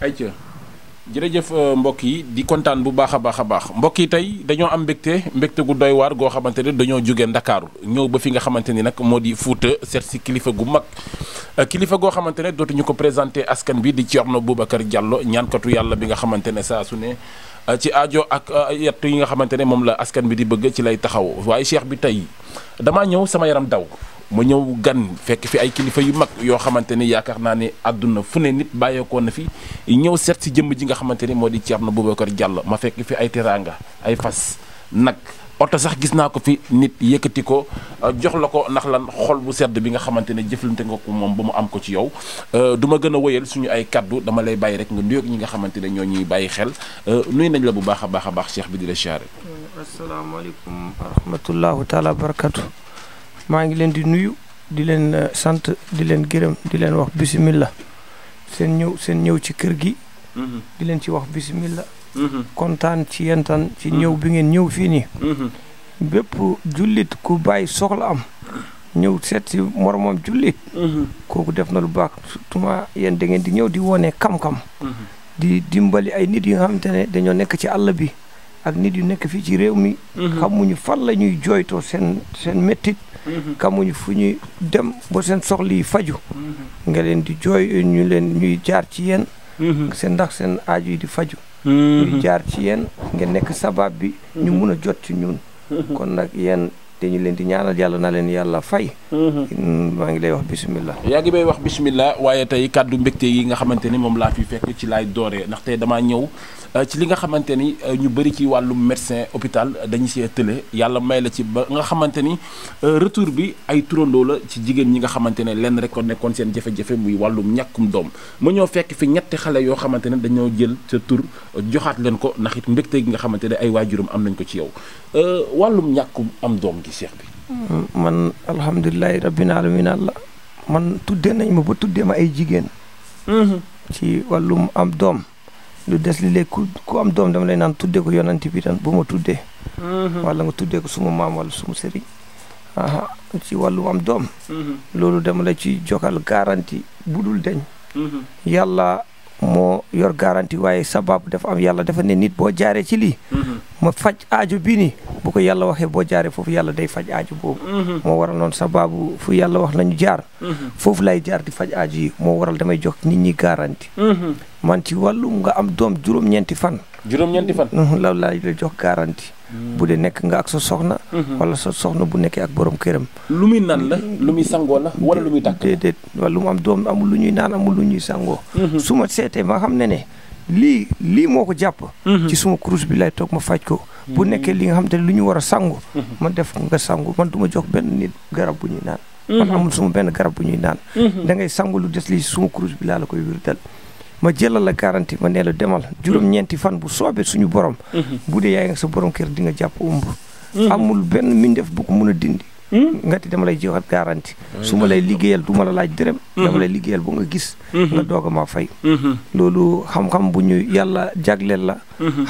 ayca jërëjëf euh, mbokk yi di kontaan bu baax a baax a baax mbokk yi tey dañoo am mbégte mbegte gu doy waar goo xamante ne dañoo jóge ndakaaru ñëw ba fi nga xamante ni nag moo di Fuuta seet si kilifa gu mag euh, kilifa goo xamante ne dootuñu ko présenté askan bi di Thierno Boubacar Diallo ñaankatu yàlla bi nga xamante ne saa su ne euh, ci ajo ak yattu yi nga xamante ne moom la askan bi di bëgg ci lay taxaw waaye cheikh bi tey damaa ñëw sama yaram daw ma ñëw gan fekk fi ay kilifa yu mag yoo xamante ni yaakaar naa ne àdduna fu ne nit bàyyeekoo na fi ñëw seet si jëmm ji nga xamante ni moo di Thierno Boubacar Diallo ma fekk fi ay teraanga ay fas nag oto sax gis naa ko fi nit yëkkati ko euh, jox la ko ndax lan xol bu sedd bi nga xamante ne jëflante nga moom ba mu am ko ci yow euh, du ma gën a wëyal suñu ay kaddu dama lay bàyyi rek nga nuyoog ñi nga xamante ne ñoo ñuy bàyyi xel euh, nuyu nañ la bu baax a baax a baax cheikh bi di la siyaare. asalaamaaleykum wa barakaatu. maa ngi leen di nuyu di leen eh, sant di leen gërëm di leen wax bisimilah seen ñëw seen ñëw ci kër gi. Mm-hmm. di leen ci wax bisimilah. Mm-hmm. kontaan ci yéen ci mm-hmm. ñëw bi ngeen ñëw fii nii. bépp jullit ku bàyyi soxla am. ñëw seet si moromam jullit. kooku def na lu baax surtout yéen da ngeen di ñëw di wone kam-kam. di dimbali ay nit yu nga xamante ne dañoo nekk ci àll bi. ak nit yu nekk fii ci réew mi. Mhm. xamuñu fan la ñuy jooytoo seen seen méttit. Mhm. xamuñu fu ñuy dem ba seen soxla yi faju mhm. nga leen di jooy ñu leen ñuy jaar ci yéen. seen ndax seen aaju yi di faju ñuy jaar ci yéen nga nekk sabab bi. ñu mun a jot ci ñun. kon nag yéen te leen di ñaanal yàlla na leen yàlla fay. Mhm. maa ngi lay wax bisimilah. yaa ngi may wax bisimilah waaye tey kàddu yi nga xamante ni moom laa fi fekk ci laay dooree ndax damaa ñëw euh, ci li nga xamante ni euh, ñu bëri ci wàllum médecin hôpital dañu see tële yàlla may la ci ba nga xamante ni euh, retour bi ay turandoo la ci jigéen ñi nga xamante ne lenn rek nekkoon seen jafe-jafe muy wàllum ñàkkum doom ma ñoo fekk fi ñetti xale yoo xamante ne dañoo jël sa tur joxaat leen ko ndax it mbégte gi nga xamante ne ay waajuram am nañ ko ci yow wàllum ñàkkum am doom gi ci seex bi. man alhamdulilah rabbil alamin allah man tuddee nañ ma ba tuddee ma ay jigéen. Mhm. ci wàllum am doom. lu des li léegi ku am doom dama lay naan tudde ko yonanti bi tan bu ma tuddee. Mhm. wala nga tuddee ko suma maam wala suma sëriñ. aha ci wàllu am doom. Mhm. loolu dama la ci jokkal garanti budul deñ. yàlla moo yor garantie waaye sabab dafa am yàlla dafa ne nit boo jaaree ci lii. Mm-hmm. ma faj aajo bii nii bu ko yàlla waxee boo jaaree foofu yàlla day faj aajo boobu. Mm-hmm. moo waral noonu sababu fu yàlla wax nañu jaar. Mm-hmm. foofu lay jaar di faj aajo yi moo waral damay jox nit ñi garantie. man ci wàllum nga am doom juróom-ñeenti fan. juróom-ñeenti fan. loolu laay jox garantie. Mm-hmm. bu dee nekk nga ak sa soxna. Mm-hmm. wala sa soxna bu nekkee ak borom këram. lu muy naan la lu muy sangoo la wala lu muy tàkk. déedéet wala lu mu am doom amul lu ñuy naan amul lu ñuy sangoo. Mm-hmm. su ma seetee ma xam ne ne lii lii moo ko jàpp. ci suma bi lay toog ma faj ko. bu nekkee li nga xam te ne lu ñu war a ma def nga sangu man du ma jox benn nit garab bu ñuy naan. man amul suma benn garab bu ñuy naan. da ngay lu des lii suma kurus bi laa la koy wirdal ma jëlal la garanti ma nee la demal juróom-ñeenti fan bu soobee suñu borom mhm. bu dee yaay nga sa borom kër di nga jàpp ëmb mhm. amul benn mbindeef bu ko mën a dindi mhm. ngati dama lay joxat garanti su ma lay liggéeyal du ma la laaj dërëm dama lay liggéeyal bu nga gis nga doog a ma fay loolu xam-xam bu ñu yàlla jagleel la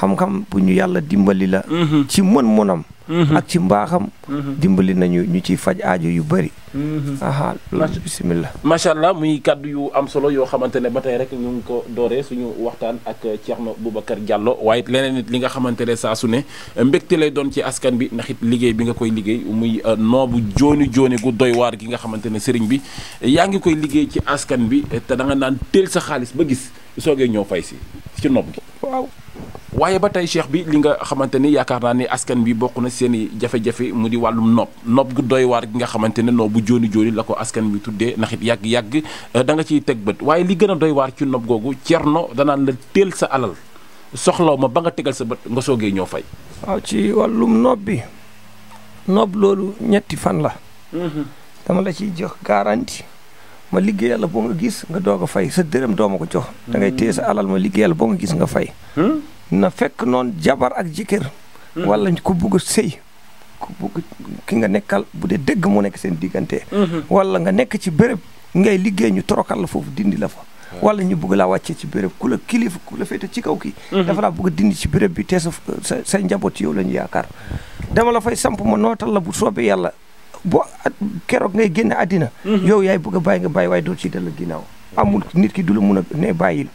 xam-xam bu ñu yàlla dimbali la ci mën-mënam Mm-hmm. ak ci mbaaxam mm-hmm. dimbali nañu ñu ciy faj aajo yu bëri mm-hmm. aha bisimilah macha allah muy kàddu yu am solo yoo xamante ne ba tey rek ñu ngi ko doore suñu waxtaan ak Thierno Boubacar Diallo waaye leneen nit li nga xamante ne saa su ne mbégte lay doon ci askan bi ndax it liggéey bi nga koy liggéey muy euh, noobu jooni jooni gu doy waar gi nga xamante ne sëriñ bi yaa ngi koy liggéey ci askan bi te danga naan teel sa xaalis ba gis soogee ñëw fay si ci nopp gi waaw waaye ba tey cheikh bi li nga xamante ni yaakaar naa ni askan bi bokk na seeni i jafe-jafe mu di wàllum nopp nopp gu doy waar gi nga xamante ne nopp bu jóoni jooni la ko askan bi tuddee ndax yàgg-yàgg eh, da nga ciy teg bët waaye li gën a doy waar ci nopp googu cerno danaan la teel sa alal soxlaw ma ba nga tegal sa bët nga soogee ñoo fay waaw ci wàllum nopp bi nopp loolu ñetti fan la mm-hmm. dama la ciy jox garanti ma liggéeyal la boo nga gis nga doog a fay sa dërëm doo ma ko jox da ngay téye sa mm-hmm. alal ma liggéeyal boo nga gis nga fay hmm? na fekk noon jabar ak jëkkër mm-hmm. wala ku bugg sëy ku bugg ki nga nekkal bu dee dëgg mu nekk seen diggante mm-hmm. wala nga nekk ci bërëb ngay liggéey ñu torokal la foofu dindi la fa wala ñu bugg laa wàccee ci bërëb ku la kilifa ku la féete ci kaw kii mm-hmm. dafa laa bugg dindi ci béréb bi te sa sa njaboot yow lañu yaakaar dama la fay samp ma nootal la bu soobee yàlla boo ak keroog ngay génne àddina yow yaay bëgg a bàyyi nga bàyyi waaye doo ci dellu ginnaaw amul nit ki du la mun a ne bàyyil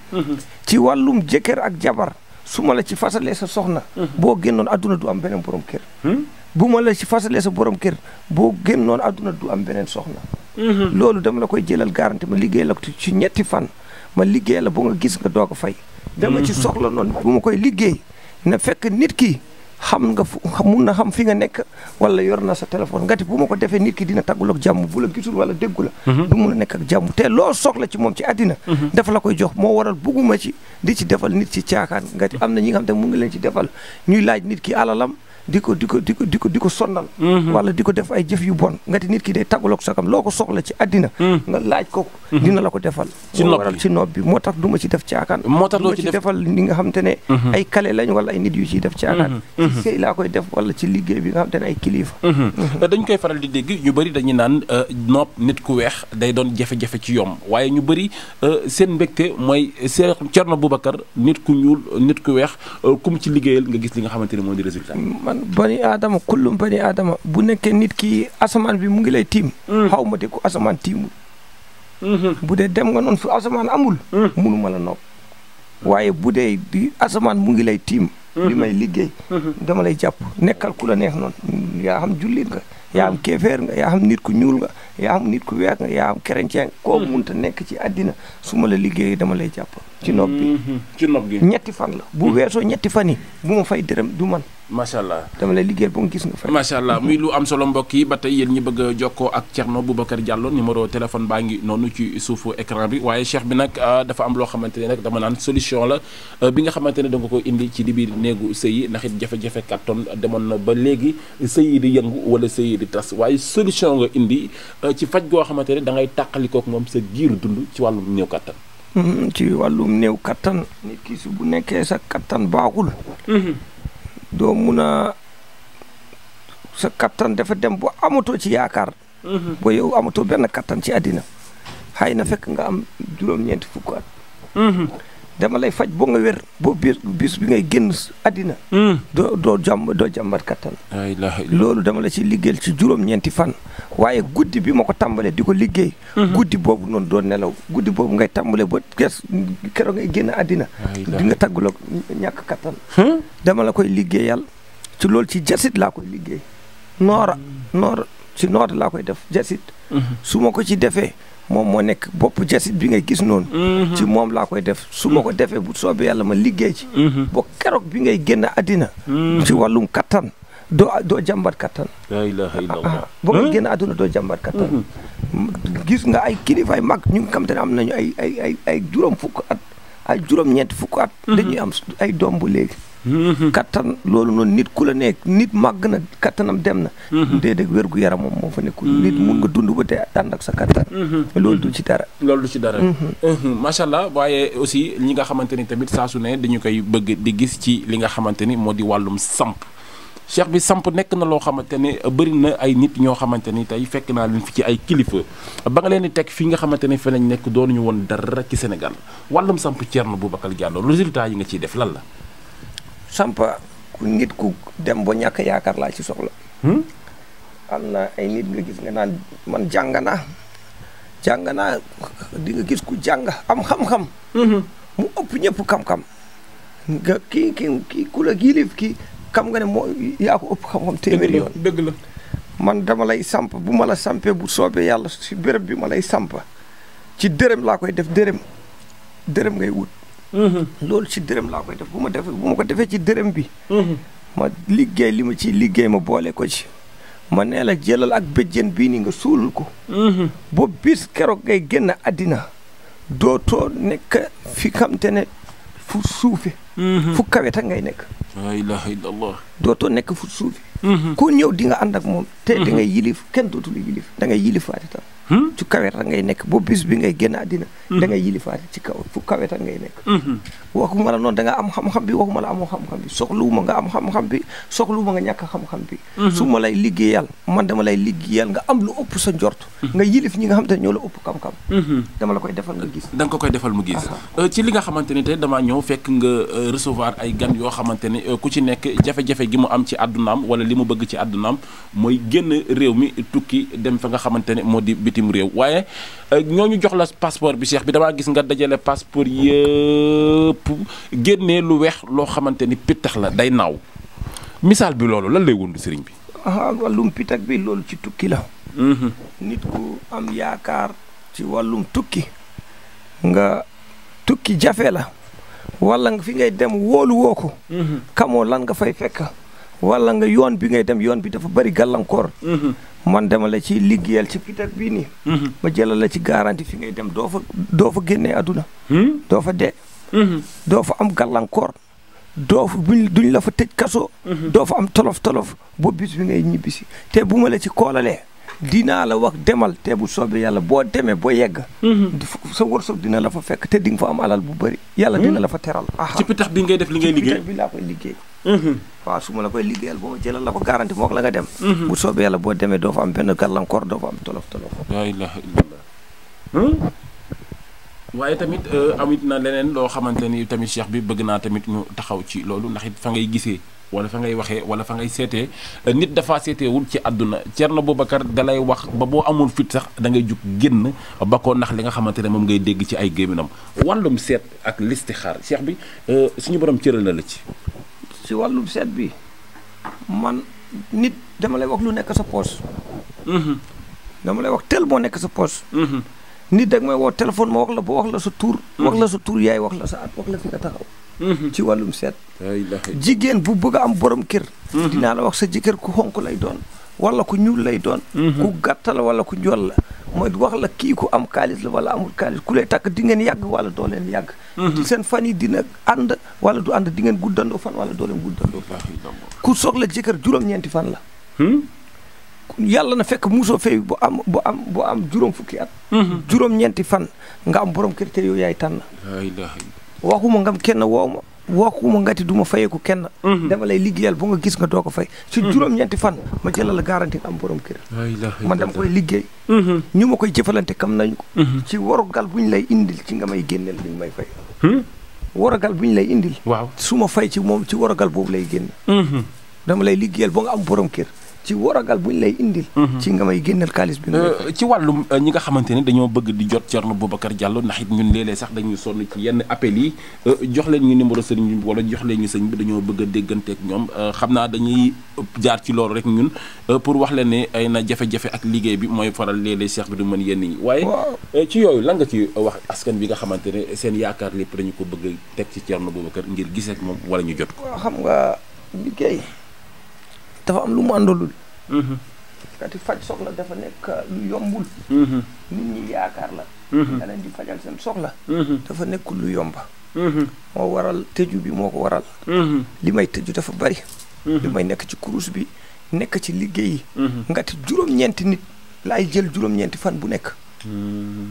wàllum jëkkër ak jabar su ma la ci fasalee sa soxna. boo génnoon adduna du am beneen borom kër. Hmm? bu ma la ci fasalee sa borom kër boo noonu adduna du am beneen soxna. Hmm. loolu dama la koy jëlal garanti ma liggéey la ci ñetti fan ma liggéey la ba nga gis nga doog a fay. dama hmm. ci soxla noonu bu ma koy liggéey na fekk nit ki. xam nga fu na xam fi nga nekk wala yor na sa téléphone ngati bu ma ko defee nit ki dina tàgguloog jàmm bu la gisul wala déggu mhm. du mun a nekk ak jàmm te loo soxla ci moom ci àddina mhm. dafa la koy jox moo waral bugguma ci di ci defal nit ci caakaan ngati am na ñi nga xam te mu ngi leen ci defal ñuy laaj nit ki alalam di ko di ko di ko di ko di ko sonnal mhm. wala di ko def ay jëf yu bon nga ti nit ki day tàggaloog sakam loo ko soxla ci àddina mhm. nga laaj ko mhm. dina la ko defal ci nopp bi moo tax du ci def caakaan ci li nga xam te ne ay kale sëy laa koy def wala ci liggéey bi nga xam te ne ay kilifa dañ koy faral di dégg ñu bëri dañu naan euh, nopp nit ku weex day doon jafe-jafe ci yomb waaye ñu bëri euh, seen mbégte mooy Cheikh Thierno Boubacar nit ku ñuul nit ku weex euh, kum ci liggéeyal nga kon bani aadama kullum bani aadama bu nekkee nit ki asamaan bi mu ngi lay tiim. Mm. xaw ma de ko asamaan tiimul. Mm-hmm. bu dee dem nga noon su asamaan amul. Mm. munu ma la nopp waaye bu dee bi asamaan mu ngi lay tiim. li mm-hmm. may liggéey. Mm-hmm. dama lay jàpp nekkal ku la neex noonu yaa xam jullit nga. yaa am mm. keefeer nga yaa xam nit ku ñuul nga yaa xam nit ku weex nga yaa am chrétien nga koo munta nekk ci àddina su ma la liggéeyee dama lay jàpp ci nopp ñetti fan la bu weesoo ñetti fan yi fay dërëm du macha allah dama lay liggéey ba nga gis nga fay. macha allah muy lu am solo mbokk yi ba tey yéen ñi bëgg a jokkoo ak Thierno Boubacar Diallo numéro téléphone baa ngi noonu ci suufu ecran bi waaye cheikh bi nag euh, dafa am loo xamante ne nag dama naan solution la euh, bi nga xamante ne da nga ko indi ci li biir néegu sëy ndax it jafe-jafe demoon na ba léegi sëy yi di yëngu wala sëy yi di tas waaye solution nga indi euh, ci faj goo xamante ne da ngay tàqalikook moom sa giiru dund ci wàllum néew kàttan. Mhm, ci wàllum néew kattan nit ki bu nekkee sa kattan baaxul. Mhm. doo mun a sa kattan dafa dem ba amatoo ci yaakaar. Mm-hmm. ba yow amatoo benn kattan ci àddina xëy na fekk nga am juróom-ñeenti fukk dama lay faj boo nga wér boo bis biis bi ngay génn àddina hmm. doo doo jàmm jàmbat kattan loolu dama la ci liggéeyal ci juróom-ñeenti fan waaye guddi bi ma ko tàmbalee di ko liggéey hmm. guddi boobu noonu doo nelaw guddi boobu ngay tàmbalee ba ges keroog ngay génn àddina di nga ñàkk kattan hmm? dama la koy liggéeyal ci loolu ci jasit laa koy liggéey noora noor ci noor laa koy def jasit su ma ko ci defee moom moo nekk bopp jasit bi ngay gis noonu mhm. ci moom laa koy def su ma ko mhm. defee bu soobee yàlla ma liggéey ci mhm. ba keroog bi ngay génn àddina ci wàllum kattan doo doo jambat kattan la ilaha illallah ah, ah, boo ko génn àdduna doo jambat kattan gis nga ay kilifaay mag ñu ngi xam te ne am nañu ay ay ay ay juróom fukk at ay juróom ñeent fukk at dañuy am ay doom bu léegi Mm-hmm. kattan loolu noonu nit ku la nekk nit màgg na kattanam dem na mm-hmm. déedéet wér gu yaram moom moo fa nekkul mm-hmm. nit mun nga dund ba te ànd ak sa kattan loolu du ci dara loolu du ci dara macha allah waaye aussi ñi nga xamante ni tamit saa ne dañu koy bëgg di gis ci li nga xamante ni moo di wàllum samp cheikh bi samp nekk na loo xamante ne bëri na ay nit ñoo xamante ni tey fekk naa leen fi ci ay kilifa ba nga leen di teg fii nga xamante ne fi lañ nekk doonuñu woon dara ci Sénégal wàllum samp Thierno Boubacar Diallo résultat yi nga ciy def la sampa ku nit ku dem ba ñàkk yaakaar laa ci soxla hmm? am na ay nit nga gis nga naan man jàng naa jàng naa dinga gis ku jàng am xam-xam mu ëpp ñëpp xam-xam nga kii ki kii ku la giilif xam nga ne moo yaa ko ëpp xam-xam téeméeri yoon la man dama lay samp bu ma la sampee bu soobee yàlla si béréb bi ma lay sampa ci dërëm laa koy def dërëm dërëm ngay wut Mm-hmm. loolu ci dërëm laa koy def bu ma defee bu ma ko defee ci dërëm bi. Mm-hmm. ma liggéey li ma ci liggéey ma boole ko ci. ma nee la jëlal ak béjjén bii nii nga suulul ko. Mm-hmm. boo bis keroog ngay génn àddina. dootoo nekk fi xam ne fu suufe fu kawe ngay nekk. la ilaha illallah. dootoo nekk fu suufe ku ñëw di nga ànd ak moom. te da ngay yilif kenn dootul yilif da ngay yilifaate tam. Hmm? ci kawe rek ngay nekk ba bis bi ngay génn àddina hmm. da ngay yilifaat ci kaw fu kawe ngay nekk hmm, waxuma la noonu da nga am xam-xam bi waxuma la amoo xam-xam bi soxluwuma nga am xam-xam bi soxluwuma nga ñàkk xam-xam bi mhm. su ma lay liggéeyal man dama lay liggéeyal nga am lu ëpp sa njort mhm. nga yilif ñi nga xam te ñoo ëpp xam-xam mhm. dama la koy defal nga gis ko koy defal mu gis euh, ci li nga xamante ne tey damaa ñëw fekk nga euh, recevoir ay gan yoo xamante ne euh, ku ci nekk jafe-jafe gi mu am ci àddunaam wala li mu bëgg ci àddunaam mooy génn réew mi tukki dem fa nga xamante ne moo di bitim réew waaye ñoo ñu jox la passeport bi seex bi damaa gis nga dajale passeport yëpp rëpp génnee lu weex loo xamante ni pittax la day naaw misaal bi loolu lan lay wundu sëriñ bi. ah wàllum pittax bi loolu ci tukki la. Mhm. nit ku am yaakaar ci wàllum tukki. nga tukki jafe la. wala fi ngay dem wóolu woo ko. xamoo mhm. lan nga fay fekk. wala nga yoon bi ngay dem yoon bi dafa bari gàllankoor. Mhm. man demal la ci liggéeyal ci pitak bi nii. ma jëlal la ci garanti fi ngay dem doo fa doo fa génnee àdduna. Hmm? doo fa dee. Mm-hmm. doo fa am gallankoor doo fa buñ duñ la fa tëj kaso mm-hmm. doo fa am tolof tolof boo bis bi ngay ñibbisi te bu ma la ci koolalee dinaa la wax demal te bu soobee yàlla boo demee boo yegg. Mm-hmm. sa wërsëg dina la fa fekk te di nga fa am alal bu bëri. yàlla dina la fa teral. ci pitax bi ngay def li ngay liggéey bi laa koy liggéey. waaw su koy liggéeyal boo jëlal la ko garanti mook la nga dem. bu soobee boo demee doo fa am benn gàllankoor doo fa am tolof tolof. la waaye tamit euh, amit na leneen loo xamante nii tamit cheikh bi bëgg naa tamit ñu taxaw ci loolu ndax it fa ngay gisee wala fa ngay waxee wala fa ngay seetee euh, nit dafa seeteewul ci àdduna Thierno Boubacar dalay wax ba boo amul fit sax da ngay jug génn ba ko ndax li nga xamante ne moom ngay dégg ci ay gémminam wàllum seet ak listixaar seex bi euh, suñu borom cëral na la ci si wàllum seet bi man nit dama lay wax lu nekk sa poos mhm. dama lay wax tel moo nekk sa poos nit dag may woo téléphone ma wax la ba wax la sa tur. Mm-hmm. wax la sa tur yaay wax la sa at wax la fi nga taxaw. Mm-hmm. ci wàllum seet. jigéen bu bëgg am borom kër. Mm-hmm. dinaa la wax sa jëkkër ku xonk lay doon. wala ku ñuul lay doon. ku gàtt la wala ku njool la. mooy wax la kii ku am kaalis la wala amul kaalis ku lay takk di ngeen yàgg wala doo leen yàgg. seen fan yi dina ànd wala du ànd di ngeen guddandoo fan wala doo leen guddandoo fan. ku soxla jëkkër juróom-ñeenti fan la. Hmm? yàlla na fekk musoo fay bu am bu am bu am juróom fukki at. Mhm. juróom-ñeenti fan nga am borom kër te yow yaay tànn. waxuma ngam kenn woo ma waxuma ngati du ma fayee ko kenn. Mhm. dama lay liggéeyal bu nga gis nga doo ko fay. si mhm. juróom-ñeenti fan ma jëlal la garanti am borom kër. man dama koy liggéey. ñu ma koy jëfalante kam nañu ko. ci warugal bu ñu lay indil ci nga may génneel bi ñu hmm? waaw ci moom ci warugal boobu lay génn. dama lay liggéeyal ba nga am borom kër. ci bu ñu lay indil. Mhm. ci nga may génneel xaalis bi. Euh, ci wàllum euh, ñi nga xamante ne dañoo bëgg di jot Thierno Boubacar Diallo ndax it ñun léeg-léeg sax dañuy sonn ci yenn appels yi euh, jox leen ñu numéro sëriñ bi wala jox leen ñu sëriñ bi dañoo bëgg a dégganteeg ñoom xam naa dañuy jaar ci loolu rek ñun pour wax leen ne ay na jafe-jafe ak liggéey bi mooy faral léeg-léeg seex bi du mën yenn yi. waaye ci yooyu langa ci wax askan bi nga xamante ne seen yaakaar lépp dañu ko bëgg teg ci Thierno Boubacar ngir gisee moom wala ñu jot ko. xam nga liggéey dafa am lu mu àndalul. kati mm-hmm. faj soxla dafa nekk lu yombul. Mm-hmm. nit ñi yaakaar la. Mm-hmm. da leen di fajal seen soxla. dafa nekk lu yomba. moo waral tëju bi moo ko waral. li may tëju dafa bari. li may nekk ci kuruus bi nekk ci liggéey yi. ngati juróom-ñeenti nit laay jël juróom-ñeenti fan bu nekk.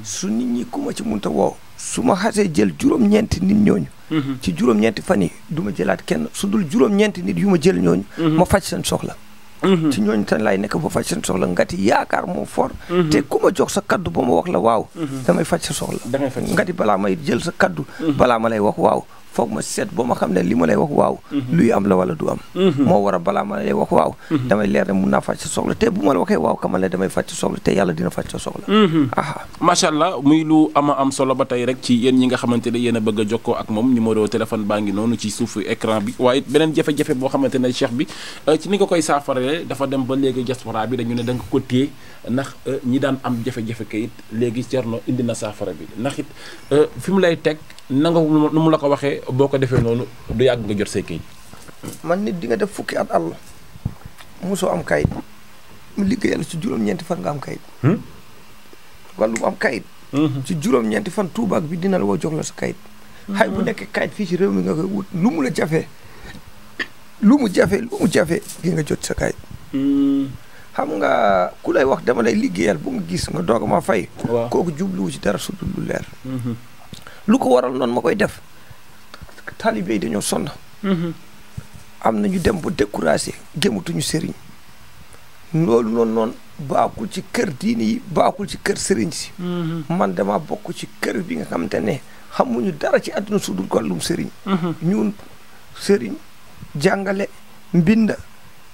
su nit ñi ku ci munta woo. su ma xasee jël juróom-ñeenti nit ñooñu. Mhm. ci juróom-ñeenti fan yi du ma jëlaat kenn su dul juróom-ñeenti nit yu ma jël ñooñu. Mhm. ma faj seen soxla. Mhm. ci ñooñu tan laay nekk ba faj seen soxla ngati yaakaar moo fort. te ku ma jox sa kaddu ba ma wax la waaw. damay faj sa soxla. ngati balaa may jël sa kaddu. balaa ma lay wax waaw. foog ma seet ba ma xam ne li ma lay wax waaw mhm. luy am la wala du am mhm. moo war a balaa ma lay wax waaw mhm. damay leer ne mun naa faj sa soxla te bu ma la waxee waaw xamal ne damay faj sa soxla te yàlla dina faj sa soxla aa macha allah muy lu ama am solo ba tey rek ci yéen ñi nga xamante ne yéen a bëgg a jokkoo ak moom numéro téléphone baa ngi noonu ci suufu écran bi waaye beneen jafe-jafe boo xamante ne cheikh bi euh, ci ni nga koy saafarale dafa dem ba léegi diaspora bi da nga ko téye ndax euh, ñi daan am jafe-jafe kayit léegi bi ndax it euh, fi mu nanga nu mu la ko waxee boo ko defee noonu du yàgg nga jot say kayit. man nit di def fukki at àll mosoo am kayit mu liggéeyal ci juróom-ñeenti fan nga am kayit. Hmm? am kayit. Hmm. ci juróom fan tuubaak bi dina woo jox la sa kayit. Hmm. xay bu kayit fii ci réew mi nga koy lu mu la jafe lu mu jafe lu mu jafe gi nga jot sa kayit. xam nga ku lay wax dama lay liggéeyal bu nga gis nga doog ma fay. kooku jubluwu ci dara su dul lu leer. lu ko waral noonu ma koy def taalibe yi dañoo sonn. Mm-hmm. am na ñu dem ba découragé gémmatuñu sëriñ loolu noonu noonu baaxul ci kër diini yi baaxul ci kër sëriñ si. Mm-hmm. man dama bokk ci kër bi nga xamante ne xamuñu dara ci àdduna su dul wàllum sëriñ. Mm-hmm. ñun sëriñ jàngale mbinda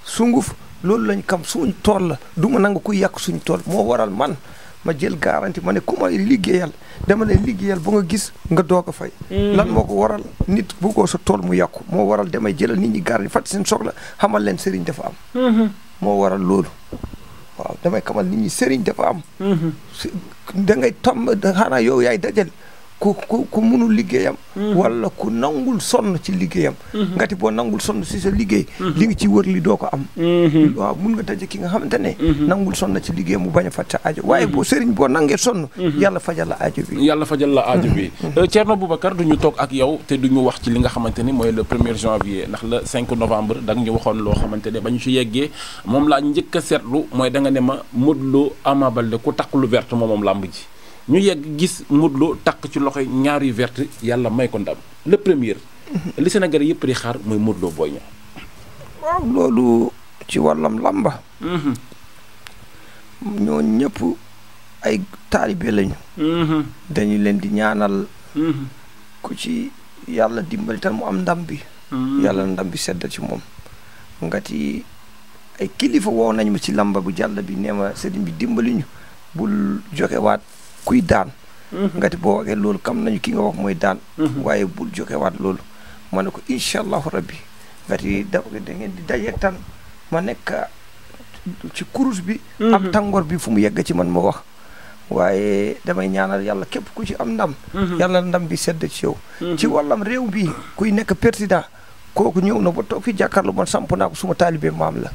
sunguf loolu lañ kam suñu tool la du ma nangu ku yàq suñu tool moo waral man. ma jël garanti ma ne ku ma liggéeyal dama leen liggéeyal ba nga gis nga doog a fay. Hmm. lan moo ko waral nit bu ko sa tool mu yàqu moo waral damay jëlal nit ñi garanti fàtte seen soxla xamal leen sëriñ dafa am. Hmm. moo waral loolu. waaw damay xamal nit ñi sëriñ dafa am. Hmm. da ngay tam xanaa yow yaay dajal ku ku ku munul liggéeyam mhm. walla ku nangul sonn ci liggéeyam mhm. ngati boo nangul sonn si sa liggéey mhm. li nga ci wër li doo ko am waaw mun nga daje ki nga xamante ne nangul sonn ci liggéeyam mu bañ a fàtte aajo waaye boo sëriñ boo nangee sonn yàlla fajal la aajo bi yàlla fajal la aajo bi euh, Thierno Boubacar duñu toog ak yow te duñu wax ci li nga xamante ni mooy le premier janvier ndax le 5 novembre da nga ñu waxoon loo xamante ne ba ñu ci yeggee moom laa njëkk seetlu mooy danga nga ne ma Modou Lo Ama Baldé ku takk lu vert moom moom làmb ji ñu yegg gis Modou takk ci loxo ñaar yu verte yàlla may ko ndam le mhm. li Sénégal yëpp di xaar mooy Modou Lo Boy Niang. waaw loolu ci wàllam làmba. Mhm. ñoo ñëpp ay taalibe lañu. Mhm. dañu leen di ñaanal. ku ci yàlla dimbali tan mu am ndam bi. yàlla ndam bi sedd ci moom. nga ci ay kilifa woo nañ ma ci làmba bu jàll bi nee ma bi dimbali ñu bul joxe kuy daan. Mhm. ngati boo waxee loolu kam nañu ki nga wax mooy daan. Mhm. waaye bul jokewaat loolu. ma ne ko incha allahu rabbi ngati da ngeen di daje tan ma nekk ci kurus bi. Mhm. am tàngoor bi fu mu yegg ci man moo wax. waaye damay ñaanal yàlla képp ku ci am ndam. yàlla ndam bi sedd ci yow. ci wàllam réew bi kuy nekk président kooku ñëw na ba toog fi jàkkaarloo man samp ko suma taalibe maam la.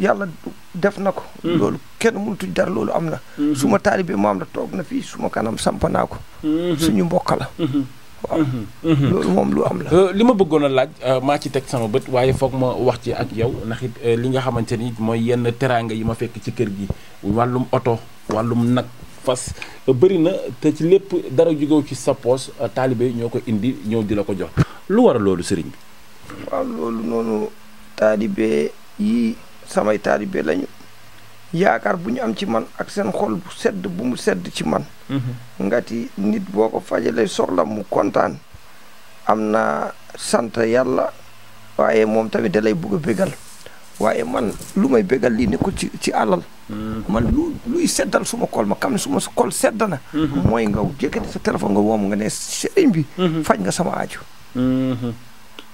yàlla def na ko. Mm. loolu kenn mënutu dara loolu am na. Mm-hmm. su ma taalibe maam la toog na fii suma kanam samp naa ko. Mm-hmm. suñu mbokk la. Mm-hmm. waaw loolu moom lu am la. Euh, li ma bëggoon a laaj euh, maa ci teg sama bët waaye foog ma wax ci ak yow ndax it euh, li nga xamante ni mooy yenn teraanga yi ma fekk ci kër gi wàllum oto wàllum nag. fas bëri na te ci lépp dara jógew ci sa poos taalibe ñoo ko indi ñëw di la ko jox lu war a loolu sëriñ bi waaw loolu noonu taalibe yi samay taalibe lañu yaakaar bu ñu am ci man ak seen xol bu sedd bu mu sedd ci man mhm. ngati nit boo ko fajalee soxla mu kontaan am na sant yàlla waaye moom tamit da lay bëgg a bégal waaye man lu may bégal lii nekkul ci ci alal mhm. man lu luy seddal suma xol ma xam ne suma xol sedd na mhm. mooy nga jëkkati sa téléphone nga woom nga ne sëriñ bi faj nga sama aju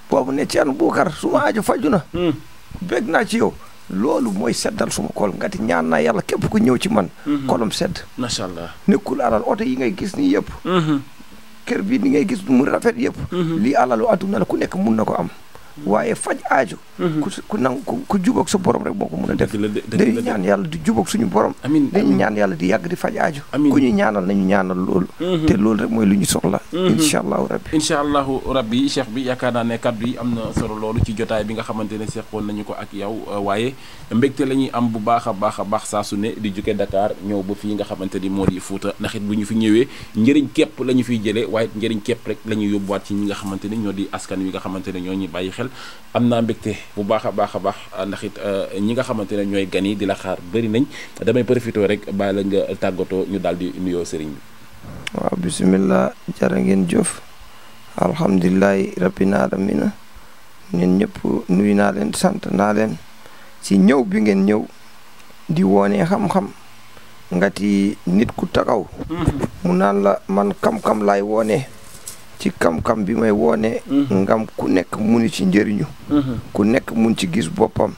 boobu ne ci an buukar suma aju faju na naa ci yow loolu mooy seddal suma kol nga ti ñaan naa yàlla képp ku ñëw ci man. xolam mhm. sedd. macha allah nekkul alal oto yi ngay gis ni yëpp. Mhm. kër bi ni ngay gis mu rafet yëpp. Mhm. lii alalu àdduna la ku nekk mun na ko am. waaye faj aajo. Mhm. ku ku nang ku jubóog sa borom rek moo ko mën a def. dañuy ñaan yàlla di jubóog suñu borom. amiin dañuy ñaan yàlla di yàgg di faj aajo. ku ñu ñaanal nañu ñaanal loolu. Mhm. te loolu rek mooy lu ñu soxla. Mhm. incha allahu rabbi incha allahu rabbi cheikh bi yaakaar naa ne kaddu yi am na solo loolu ci jotaay bi nga xamante ne seqoon nañu ko ak yow euh, waaye mbégte la ñuy am bu baax a baax a baax saa su ne di jóge Dakar ñëw ba fii nga xamante ni moo di Fuuta ndax bu ñu fi ñëwee njëriñ képp la ñu fiy jëlee waaye njëriñ képp rek la ñuy yóbbuwaat ci ñi nga xamante ni ñoo di askan wi nga xamante ne ñoo ñu bàyyi daal am naa mbégte bu baax a baax a baax ndax it euh, ñi nga xamante ne ñooy gan yi di la xaar bari nañ damay profité rek bàyyi la nga tàggatoo ñu daal di nuyoo sëriñ bi. waaw bisimilah jërë ngeen jëf alhamdulilahi rabbil alamina ñun ñëpp nuyu naa leen sant naa leen ci ñëw bi ngeen ñëw di woone xam-xam ngati nit ku taxaw mm-hmm. mu naan la man kam-kam laay woone ci kam-kam bi may woone mhm. ngam ku nekk muni ci njëriñu mhm. ku nekk mun ci gis boppam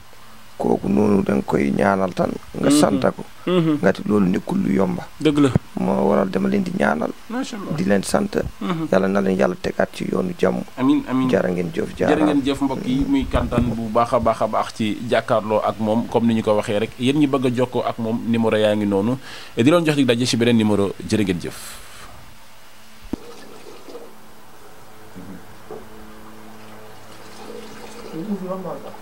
kooku noonu da koy ñaanal tan nga mhm. santa ko ngati loolu nekkul lu yomba dëgg la moo waral dama leen di ñaanal di leen sant yàlla na leen yàlla tegaat ci yoonu jàmm amin amin jara ngeen jëf jara jëf mbokk yi muy kantaan bu baax a baax a baax ci jàkkaarloo ak moom comme ni ñu ko waxee rek yéen ñi bëgg a jokkoo ak moom numéro yaa ngi noonu di loon jox dig daje ci beneen numéro jërë ngeen jëf yoon loolu la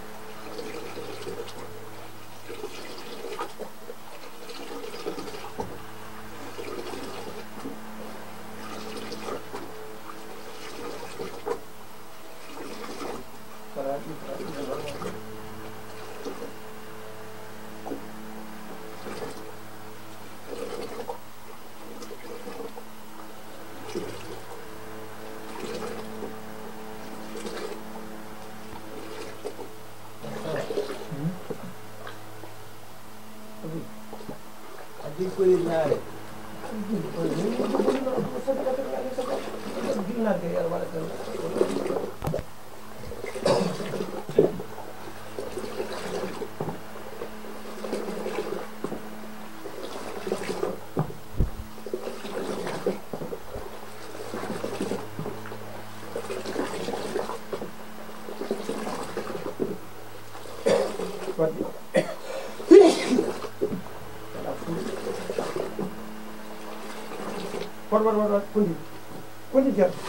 bëri ñaare war war war continuer continuer